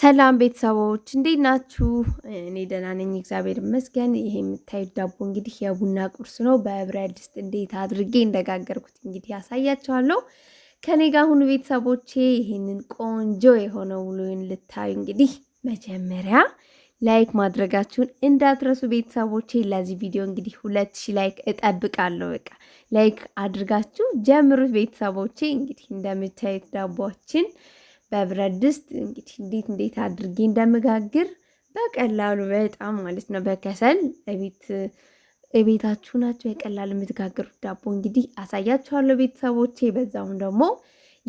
ሰላም ቤተሰቦች እንዴት ናችሁ? እኔ ደህና ነኝ፣ እግዚአብሔር ይመስገን። ይሄ የምታዩት ዳቦ እንግዲህ የቡና ቁርስ ነው። በብረት ድስት እንዴት አድርጌ እንደጋገርኩት እንግዲህ ያሳያችኋለሁ። ከኔ ጋር አሁኑ ቤተሰቦቼ። ይህንን ቆንጆ የሆነ ውሎን ልታዩ እንግዲህ መጀመሪያ ላይክ ማድረጋችሁን እንዳትረሱ ቤተሰቦቼ። ለዚህ ቪዲዮ እንግዲህ ሁለት ሺ ላይክ እጠብቃለሁ። በቃ ላይክ አድርጋችሁ ጀምሩት ቤተሰቦቼ። እንግዲህ እንደምታዩት ዳቦችን በብረት ድስት እንግዲህ እንዴት እንዴት አድርጌ እንደምጋግር በቀላሉ በጣም ማለት ነው በከሰል ቤት የቤታችሁ ናቸው የቀላል የምትጋግሩት ዳቦ እንግዲህ አሳያችኋለሁ ቤተሰቦቼ። በዛውም ደግሞ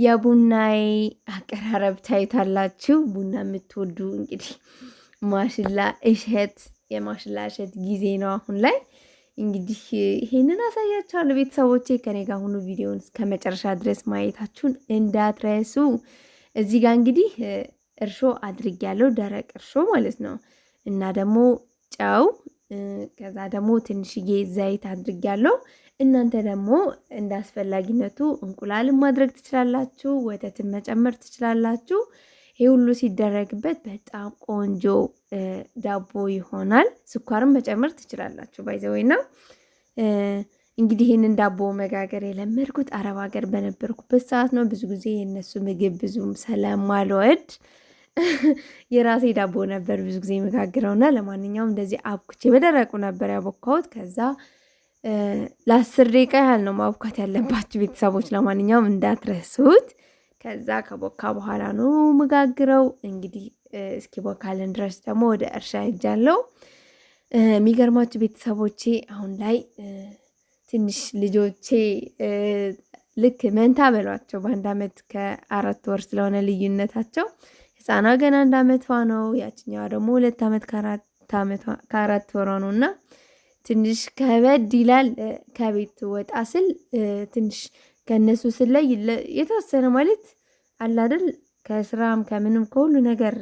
የቡናዬ አቀራረብ ታይታላችሁ። ቡና የምትወዱ እንግዲህ ማሽላ እሸት፣ የማሽላ እሸት ጊዜ ነው አሁን ላይ እንግዲህ ይሄንን አሳያችኋለሁ ቤተሰቦቼ። ከኔ ጋር ሁኑ፣ ቪዲዮውን እስከ መጨረሻ ድረስ ማየታችሁን እንዳትረሱ። እዚህ ጋር እንግዲህ እርሾ ያለው ደረቅ እርሾ ማለት ነው። እና ደግሞ ጨው፣ ከዛ ደግሞ ትንሽዬ ዘይት ያለው እናንተ ደግሞ እንደ አስፈላጊነቱ እንቁላልን ማድረግ ትችላላችሁ፣ ወተትን መጨመር ትችላላችሁ። ይህ ሁሉ ሲደረግበት በጣም ቆንጆ ዳቦ ይሆናል። ስኳርም መጨመር ትችላላችሁ ባይዘወይና እንግዲህ ይህንን ዳቦ መጋገር የለመድኩት አረብ ሀገር በነበርኩበት ሰዓት ነው። ብዙ ጊዜ የእነሱ ምግብ ብዙም ስለማልወድ የራሴ ዳቦ ነበር ብዙ ጊዜ መጋግረውና ለማንኛውም እንደዚህ አብኩቼ በደረቁ ነበር ያቦካሁት። ከዛ ለአስር ደቂቃ ያህል ነው ማብኳት ያለባችሁ ቤተሰቦች፣ ለማንኛውም እንዳትረሱት። ከዛ ከቦካ በኋላ ነው መጋግረው። እንግዲህ እስኪ ቦካልን ድረስ ደግሞ ወደ እርሻ ሄጃለሁ። የሚገርማችሁ ቤተሰቦቼ አሁን ላይ ትንሽ ልጆቼ ልክ መንታ በሏቸው በአንድ ዓመት ከአራት ወር ስለሆነ ልዩነታቸው ህፃኗ ገና አንድ ዓመቷ ነው። ያችኛዋ ደግሞ ሁለት ዓመት ከአራት ወሯ ነው እና ትንሽ ከበድ ይላል። ከቤት ወጣ ስል ትንሽ ከእነሱ ስለይ የተወሰነ ማለት አላደል ከስራም ከምንም ከሁሉ ነገር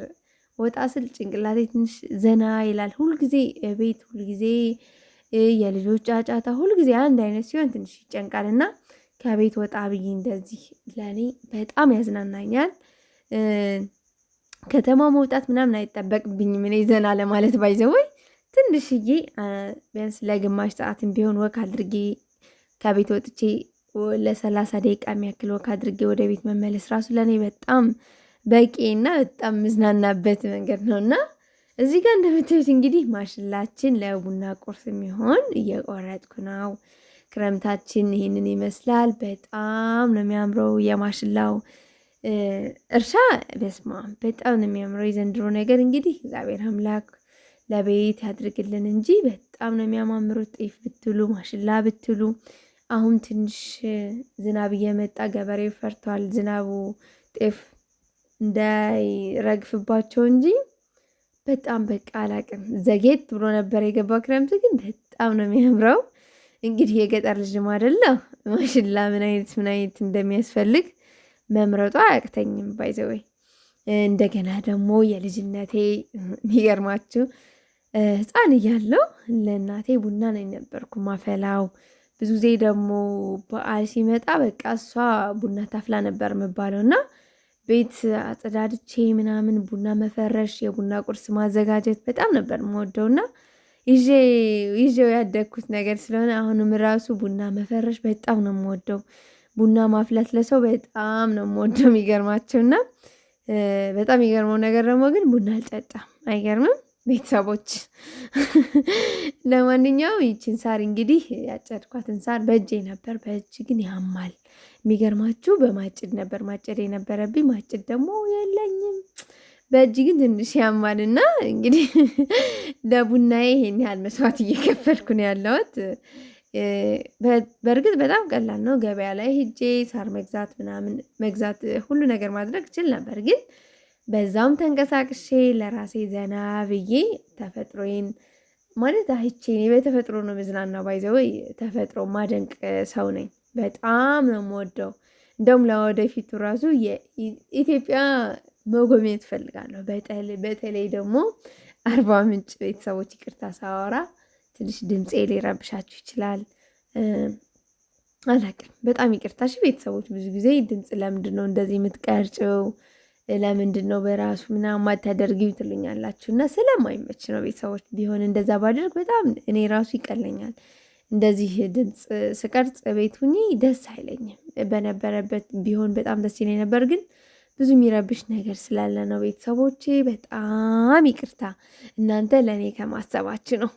ወጣ ስል ጭንቅላቴ ትንሽ ዘና ይላል። ሁልጊዜ ቤት ሁልጊዜ የልጆች ጫጫታ ሁልጊዜ አንድ አይነት ሲሆን ትንሽ እና ከቤት ወጣ ብዬ እንደዚህ ለእኔ በጣም ያዝናናኛል። ከተማ መውጣት ምናምን አይጠበቅብኝም። እኔ ዘና ለማለት ባይዘወይ ትንሽዬ ቢያንስ ለግማሽ ሰዓትም ቢሆን ወክ አድርጌ ከቤት ወጥቼ ለሰላሳ ደቂቃ የሚያክል ወክ አድርጌ ወደ ቤት መመለስ ራሱ ለእኔ በጣም በቂ እና በጣም ምዝናናበት መንገድ ነው እና እዚህ ጋር እንደምታዩት እንግዲህ ማሽላችን ለቡና ቁርስ የሚሆን እየቆረጥኩ ነው። ክረምታችን ይህንን ይመስላል። በጣም ነው የሚያምረው የማሽላው እርሻ በስማ በጣም ነው የሚያምረው። የዘንድሮ ነገር እንግዲህ እግዚአብሔር አምላክ ለቤት ያድርግልን እንጂ በጣም ነው የሚያማምሩት። ጤፍ ብትሉ ማሽላ ብትሉ አሁን ትንሽ ዝናብ እየመጣ ገበሬው ፈርቷል። ዝናቡ ጤፍ እንዳይረግፍባቸው እንጂ በጣም በቃ አላቅም። ዘጌት ብሎ ነበር የገባው ክረምት፣ ግን በጣም ነው የሚያምረው። እንግዲህ የገጠር ልጅም አይደለሁ ማሽላ ምን አይነት ምን አይነት እንደሚያስፈልግ መምረጡ አያቅተኝም። ባይዘወይ እንደገና ደግሞ የልጅነቴ የሚገርማችሁ ህፃን እያለሁ ለእናቴ ቡና ነው የነበርኩ ማፈላው። ብዙ ጊዜ ደግሞ በዓል ሲመጣ በቃ እሷ ቡና ታፍላ ነበር የምባለው እና ቤት አጸዳድቼ ምናምን ቡና መፈረሽ፣ የቡና ቁርስ ማዘጋጀት በጣም ነበር የምወደውና ይዤው ያደግኩት ነገር ስለሆነ አሁንም ራሱ ቡና መፈረሽ በጣም ነው የምወደው። ቡና ማፍላት ለሰው በጣም ነው የምወደው የሚገርማቸው እና በጣም የሚገርመው ነገር ደግሞ ግን ቡና አልጠጣም። አይገርምም ቤተሰቦች? ለማንኛውም ይችን ሳር እንግዲህ ያጨድኳትን ሳር በእጄ ነበር፣ በእጅ ግን ያማል የሚገርማችሁ በማጭድ ነበር ማጨድ የነበረብኝ። ማጭድ ደግሞ የለኝም በእጅ ግን ትንሽ ያማል ያማልና እንግዲህ ለቡናዬ ይሄን ያህል መስዋዕት እየከፈልኩ ነው ያለሁት። በእርግጥ በጣም ቀላል ነው። ገበያ ላይ ሂጄ ሳር መግዛት ምናምን መግዛት ሁሉ ነገር ማድረግ እችል ነበር። ግን በዛውም ተንቀሳቅሼ ለራሴ ዘና ብዬ ተፈጥሮዬን ማለት አይቼ እኔ በተፈጥሮ ነው መዝናና ባይዘወይ ተፈጥሮ ማደንቅ ሰው ነኝ። በጣም ነው የምወደው። እንደውም ለወደፊቱ ራሱ የኢትዮጵያ መጎብኘት እፈልጋለሁ። በተለይ ደግሞ አርባ ምንጭ ቤተሰቦች፣ ይቅርታ ሳወራ ትንሽ ድምፄ ሊረብሻችሁ ይችላል አላቅም። በጣም ይቅርታ ቤተሰቦች። ብዙ ጊዜ ድምፅ ለምንድን ነው እንደዚህ የምትቀርጭው ለምንድን ነው በራሱ ምናምን ማታደርጊው ትሉኛላችሁ፣ እና ስለማይመች ነው ቤተሰቦች። ቢሆን እንደዛ ባደርግ በጣም እኔ ራሱ ይቀለኛል። እንደዚህ ድምፅ ስቀርጽ ቤት ሁኜ ደስ አይለኝም። በነበረበት ቢሆን በጣም ደስ ይለኝ ነበር፣ ግን ብዙ የሚረብሽ ነገር ስላለ ነው። ቤተሰቦቼ በጣም ይቅርታ፣ እናንተ ለእኔ ከማሰባች ነው።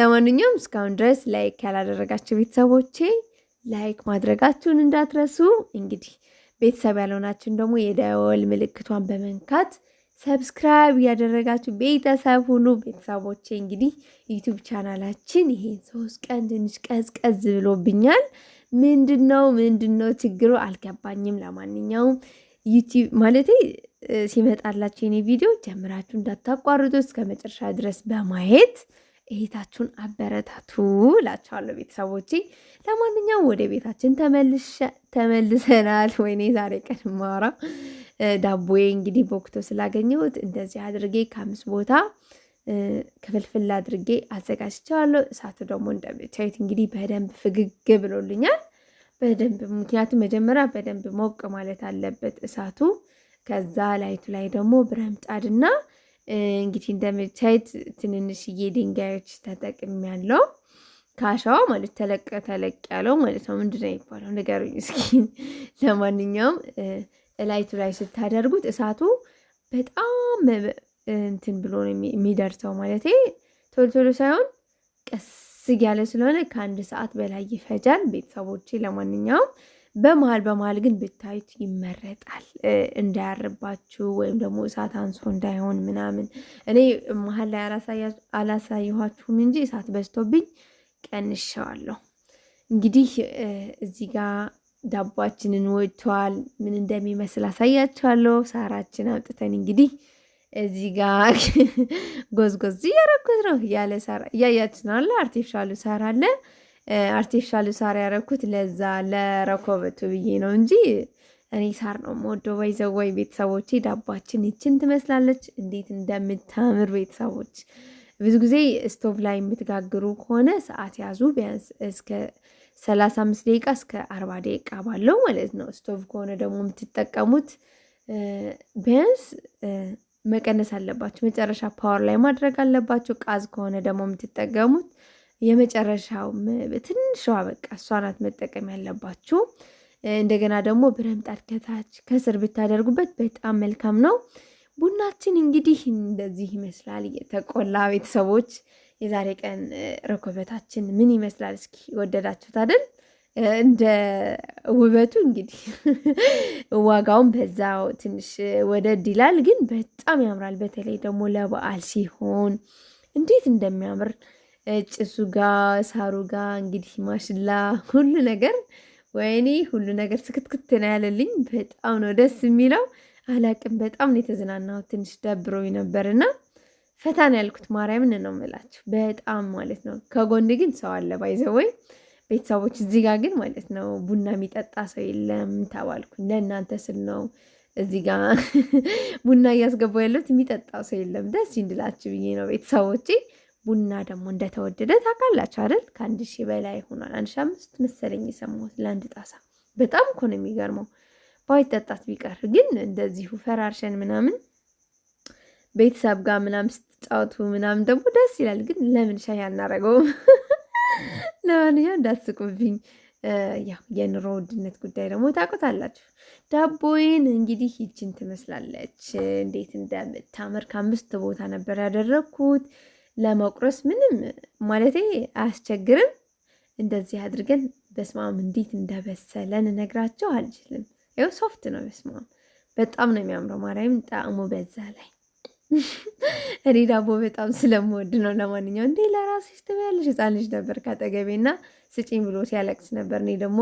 ለማንኛውም እስካሁን ድረስ ላይክ ያላደረጋቸው ቤተሰቦቼ ላይክ ማድረጋችሁን እንዳትረሱ። እንግዲህ ቤተሰብ ያልሆናችሁን ደግሞ የደወል ምልክቷን በመንካት ሰብስክራይብ እያደረጋችሁ ቤተሰብ ሁኑ። ቤተሰቦቼ እንግዲህ ዩቱብ ቻናላችን ይሄን ሶስት ቀን ትንሽ ቀዝቀዝ ብሎብኛል። ምንድን ነው ምንድን ነው ችግሩ አልገባኝም። ለማንኛውም ዩቲብ ማለት ሲመጣላችሁ የኔ ቪዲዮ ጀምራችሁ እንዳታቋርጡ እስከ መጨረሻ ድረስ በማየት እህታችሁን አበረታቱ እላችኋለሁ ቤተሰቦቼ። ለማንኛውም ወደ ቤታችን ተመልሰናል። ወይኔ ዛሬ ቀን ማራ ዳቦዬ እንግዲህ በወቅቶ ስላገኘሁት እንደዚህ አድርጌ ከአምስት ቦታ ክፍልፍል አድርጌ አዘጋጅቸዋለሁ እሳቱ ደግሞ እንደምታዩት እንግዲህ በደንብ ፍግግ ብሎልኛል። በደንብ ምክንያቱም መጀመሪያ በደንብ ሞቅ ማለት አለበት እሳቱ። ከዛ ላይቱ ላይ ደግሞ ብረምጣድና እንግዲህ እንደምታዩት ትንንሽዬ ድንጋዮች ተጠቅም ያለው ካሻው ማለት ተለቀ ተለቅ ያለው ማለት ነው። ምንድን ነው የሚባለው ነገር እስኪ ለማንኛውም እላይቱ ላይ ስታደርጉት እሳቱ በጣም እንትን ብሎ ነው የሚደርሰው። ማለት ቶሎ ቶሎ ሳይሆን ቀስ ያለ ስለሆነ ከአንድ ሰዓት በላይ ይፈጃል ቤተሰቦቼ ለማንኛውም በመሀል በመሀል ግን ብታዩት ይመረጣል። እንዳያርባችሁ ወይም ደግሞ እሳት አንሶ እንዳይሆን ምናምን። እኔ መሀል ላይ አላሳየኋችሁም እንጂ እሳት በዝቶብኝ ቀንሸዋለሁ። እንግዲህ እዚህ ጋር ዳቧችንን ወጥቷል። ምን እንደሚመስል አሳያችኋለሁ። ሳራችን አምጥተን እንግዲህ እዚህ ጋር ጎዝጎዝ እያረኩት ነው። ያለ ሳራ እያያችን አለ። አርቲፊሻሉ ሳራ አለ። አርቲፊሻል ሳር ያረኩት ለዛ ለረኮበቱ ብዬ ነው እንጂ እኔ ሳር ነው ወይ ዘወይ ቤተሰቦቼ ዳባችን ይችን ትመስላለች። እንዴት እንደምታምር ቤተሰቦች። ብዙ ጊዜ ስቶቭ ላይ የምትጋግሩ ከሆነ ሰዓት ያዙ፣ ቢያንስ እስከ ሰላሳ አምስት ደቂቃ እስከ አርባ ደቂቃ ባለው ማለት ነው። ስቶቭ ከሆነ ደግሞ የምትጠቀሙት ቢያንስ መቀነስ አለባችሁ። መጨረሻ ፓወር ላይ ማድረግ አለባችሁ። ቃዝ ከሆነ ደግሞ የምትጠቀሙት የመጨረሻውም ትንሿ በቃ እሷ ናት መጠቀም ያለባችሁ። እንደገና ደግሞ ብረምጣድ ከታች ከስር ብታደርጉበት በጣም መልካም ነው። ቡናችን እንግዲህ እንደዚህ ይመስላል የተቆላ ቤተሰቦች። የዛሬ ቀን ረኮበታችን ምን ይመስላል? እስኪ ወደዳችሁት አይደል? እንደ ውበቱ እንግዲህ ዋጋውን በዛው ትንሽ ወደድ ይላል፣ ግን በጣም ያምራል። በተለይ ደግሞ ለበዓል ሲሆን እንዴት እንደሚያምር ጭሱ ጋር ሳሩ ጋር እንግዲህ ማሽላ ሁሉ ነገር ወይኔ ሁሉ ነገር ስክትክት ነው ያለልኝ። በጣም ነው ደስ የሚለው። አላቅም በጣም ነው የተዝናናው። ትንሽ ደብሮኝ ነበርና ፈታ ነው ያልኩት። ማርያምን ነው የምላችሁ በጣም ማለት ነው። ከጎን ግን ሰው አለ ባይዘወይ ቤተሰቦች እዚህ ጋር ግን ማለት ነው ቡና የሚጠጣ ሰው የለም ተባልኩ። ለእናንተ ስል ነው እዚህ ጋር ቡና እያስገባው ያለሁት። የሚጠጣ ሰው የለም ደስ እንድላችሁ ብዬ ነው ቤተሰቦቼ ቡና ደግሞ እንደተወደደ ታውቃላችሁ አይደል? ከአንድ ሺህ በላይ ሆኗል። አንድ ሺህ አምስት መሰለኝ የሰማሁት ለአንድ ጣሳ። በጣም እኮ ነው የሚገርመው። ባይጠጣት ቢቀር ግን እንደዚሁ ፈራርሸን ምናምን ቤተሰብ ጋር ምናምን ስትጫወቱ ምናምን ደግሞ ደስ ይላል። ግን ለምን ሻይ አናረገውም? ለማንኛውም እንዳትስቁብኝ። ያው የኑሮ ውድነት ጉዳይ ደግሞ ታውቁታላችሁ። ዳቦዬን እንግዲህ ይችን ትመስላለች። እንዴት እንደምታምር ከአምስት ቦታ ነበር ያደረግኩት። ለመቁረስ ምንም ማለቴ አያስቸግርም። እንደዚህ አድርገን በስማም እንዴት እንደበሰለን እነግራቸው አልችልም። ይው ሶፍት ነው። በስማም በጣም ነው የሚያምረው። ማርያም ጣዕሙ በዛ ላይ እኔ ዳቦ በጣም ስለምወድ ነው። ለማንኛው እንዴ ለራስሽ ትበያለሽ። ሕፃን ልጅ ነበር ካጠገቤና ስጪኝ ብሎ ሲያለቅስ ነበር። እኔ ደግሞ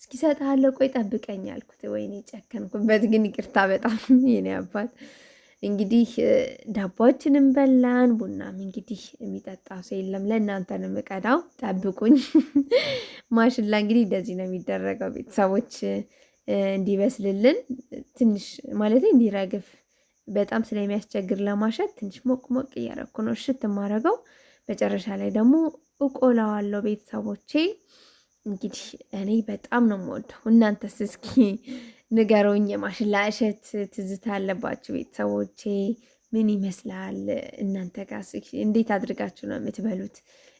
እስኪ እሰጥሃለሁ ቆይ ጠብቀኝ አልኩት። ወይኔ ጨከንኩበት። ግን ይቅርታ በጣም የኔ አባት እንግዲህ ዳቦችንም በላን፣ ቡናም እንግዲህ የሚጠጣ ሰው የለም። ነው ምቀዳው ጠብቁኝ። ማሽላ እንግዲህ እንደዚህ ነው የሚደረገው ቤተሰቦች እንዲበስልልን ትንሽ ማለት እንዲረግፍ በጣም ስለሚያስቸግር ለማሸት ትንሽ ሞቅ ሞቅ እያረኩ ነው እሽት የማረገው። መጨረሻ ላይ ደግሞ እቆላዋለሁ። ቤተሰቦቼ እንግዲህ እኔ በጣም ነው የምወደው። እናንተስ እስኪ ንገሩኝ። የማሽላ እሸት ትዝታ አለባችሁ ቤተሰቦቼ? ምን ይመስላል? እናንተ ጋር እንዴት አድርጋችሁ ነው የምትበሉት?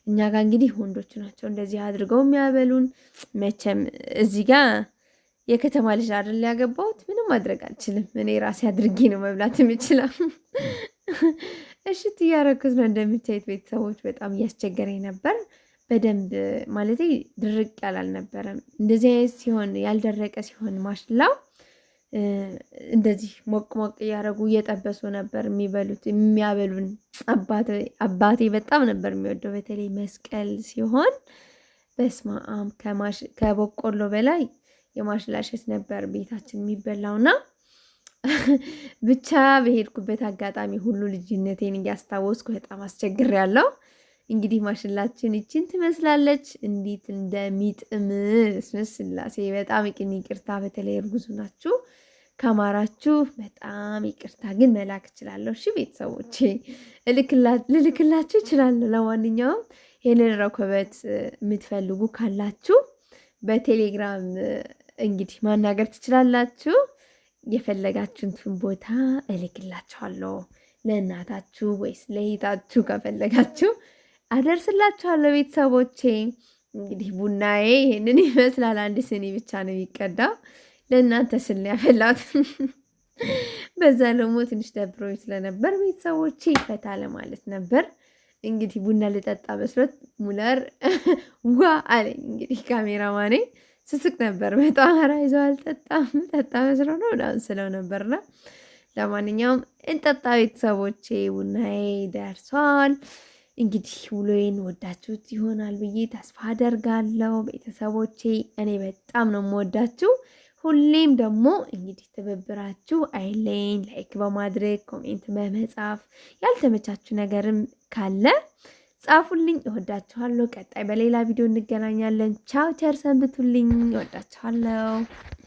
እኛ ጋር እንግዲህ ወንዶቹ ናቸው እንደዚህ አድርገው የሚያበሉን። መቼም እዚህ ጋር የከተማ ልጅ አይደል ያገባሁት፣ ምንም ማድረግ አልችልም። እኔ ራሴ አድርጌ ነው መብላት የምችለው። እሽት እያረኩት ነው እንደምታዩት ቤተሰቦች፣ በጣም እያስቸገረኝ ነበር። በደንብ ማለት ድርቅ ያለ አልነበረም። እንደዚህ አይነት ሲሆን ያልደረቀ ሲሆን ማሽላው እንደዚህ ሞቅ ሞቅ እያደረጉ እየጠበሱ ነበር የሚበሉት የሚያበሉን። አባቴ በጣም ነበር የሚወደው በተለይ መስቀል ሲሆን በስመ አብ ከበቆሎ በላይ የማሽላ እሸት ነበር ቤታችን የሚበላውና ብቻ በሄድኩበት አጋጣሚ ሁሉ ልጅነቴን እያስታወስኩ በጣም አስቸግር ያለው። እንግዲህ ማሽላችን ይችን ትመስላለች። እንዴት እንደሚጥም ስላሴ በጣም ቅን ይቅርታ። በተለይ እርጉዙ ናችሁ ከማራችሁ በጣም ይቅርታ። ግን መላክ እችላለሁ። እሺ ቤተሰቦቼ ልልክላችሁ እችላለሁ። ለማንኛውም ይህንን ረኮበት የምትፈልጉ ካላችሁ በቴሌግራም እንግዲህ ማናገር ትችላላችሁ። የፈለጋችሁትን ቦታ እልክላችኋለሁ። ለእናታችሁ ወይስ ለእህታችሁ ከፈለጋችሁ አደርስላችኋለሁ ቤተሰቦቼ። እንግዲህ ቡናዬ ይሄንን ይመስላል። አንድ ስኒ ብቻ ነው የሚቀዳው። ለእናንተ ስል ያፈላት በዛ ደግሞ ትንሽ ደብሮኝ ስለነበር ቤተሰቦቼ ይፈታ ለማለት ነበር። እንግዲህ ቡና ልጠጣ መስሎት ሙለር ዋ አለኝ። እንግዲህ ካሜራ ማኔ ስስቅ ነበር በጣም ኧረ ይዘው አልጠጣም ጠጣ መስሎ ነው ዳን ስለው ነበርና ለማንኛውም እንጠጣ ቤተሰቦቼ ቡናዬ ደርሷል። እንግዲህ ውሎዬን ወዳችሁት ይሆናል ብዬ ተስፋ አደርጋለሁ። ቤተሰቦቼ እኔ በጣም ነው የምወዳችሁ። ሁሌም ደግሞ እንግዲህ ትብብራችሁ አይለኝ። ላይክ በማድረግ ኮሜንት በመጻፍ ያልተመቻችሁ ነገርም ካለ ጻፉልኝ። እወዳችኋለሁ። ቀጣይ በሌላ ቪዲዮ እንገናኛለን። ቻው፣ ቸር ሰንብቱልኝ። እወዳችኋለሁ።